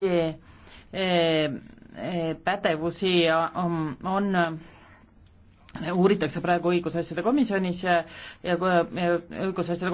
Eh, eh, pädevusi on, um, on uuritakse praegu õigusasjade komisjonis ja, ja õigusasjade